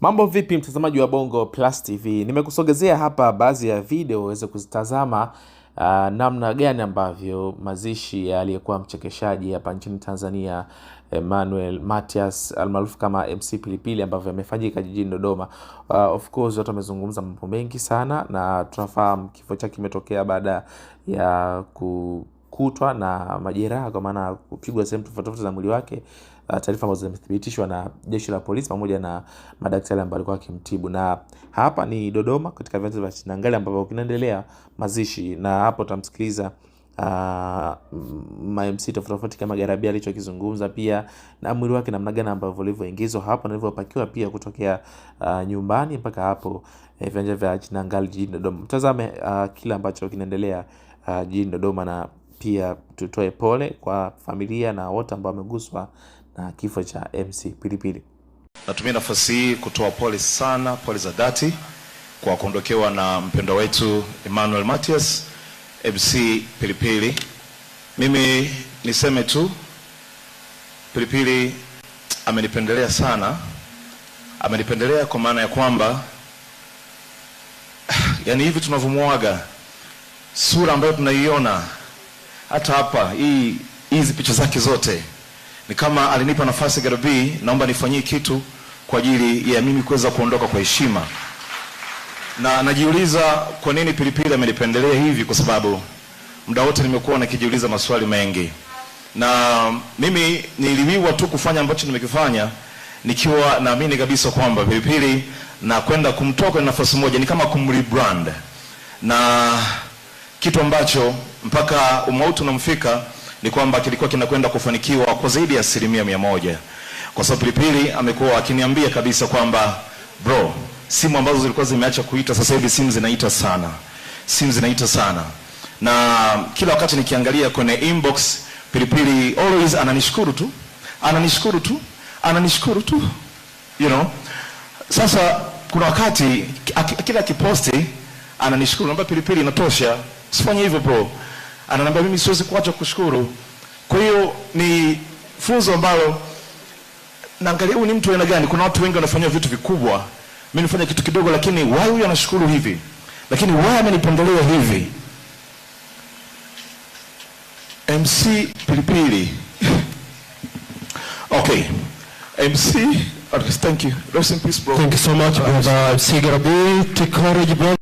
Mambo vipi mtazamaji wa Bongo Plus TV, nimekusogezea hapa baadhi ya video uweze kuzitazama uh, namna gani ambavyo mazishi ya aliyekuwa mchekeshaji hapa nchini Tanzania Emmanuel Matias almaarufu kama MC Pilipili ambavyo amefanyika jijini Dodoma. Uh, of course watu wamezungumza mambo mengi sana, na tunafahamu kifo chake kimetokea baada ya ku kutwa na majeraha kwa maana kupigwa sehemu tofauti tofauti za mwili wake, uh, taarifa ambazo zimethibitishwa na jeshi la polisi pamoja na madaktari ambao walikuwa wakimtibu. Na hapa ni Dodoma katika viwanja vya Chinangali ambapo kinaendelea mazishi, na hapo utamsikiliza Uh, mamc tofauti tofauti kama Garabia alichokizungumza pia na mwili wake namna gani ambavyo ulivyoingizwa hapo na ulivyopakiwa pia kutokea uh, nyumbani mpaka hapo eh, viwanja vya Chinangali jijini Dodoma. Mtazame uh, kile ambacho kinaendelea uh, jijini Dodoma na pia tutoe pole kwa familia na wote ambao wameguswa na kifo cha MC Pilipili. Natumia nafasi hii kutoa pole sana, pole za dhati kwa kuondokewa na mpendwa wetu Emmanuel Matias MC Pilipili. Mimi niseme tu Pilipili amenipendelea sana, amenipendelea kwa maana ya kwamba yani hivi tunavyomuaga sura ambayo tunaiona hata hapa hii hizi picha zake zote ni kama alinipa nafasi Garabii, naomba nifanyie kitu kwa ajili ya mimi kuweza kuondoka kwa heshima, na najiuliza kwa nini Pilipili amenipendelea hivi, kwa sababu muda wote nimekuwa nikijiuliza maswali mengi, na mimi niliwiwa tu kufanya ambacho nimekifanya nikiwa naamini kabisa kwamba Pilipili na kwenda kumtoa kwenye nafasi moja ni kama kumrebrand na kitu ambacho mpaka umauti unamfika ni kwamba kilikuwa kinakwenda kufanikiwa kwa zaidi ya asilimia mia moja kwa sababu Pilipili amekuwa akiniambia kabisa kwamba bro, simu ambazo zilikuwa zimeacha kuita sasa hivi simu zinaita sana, simu zinaita sana, na kila wakati nikiangalia kwenye inbox Pilipili always ananishukuru tu, ananishukuru tu, ananishukuru tu, you know. Sasa kuna wakati kila kiposti ananishukuru, naomba Pilipili, inatosha, usifanye hivyo bro ananiambia mimi siwezi kuacha kushukuru. Kwa hiyo ni funzo ambalo naangalia huyu ni mtu aina gani. Kuna watu wengi wanafanyia vitu vikubwa, mimi nifanya kitu kidogo, lakini why huyu anashukuru hivi, lakini why amenipendelea hivi. MC Pilipili okay. MC, thank you. Rest in peace, bro. Thank you so much, brother MC Garabi. Take courage, brother.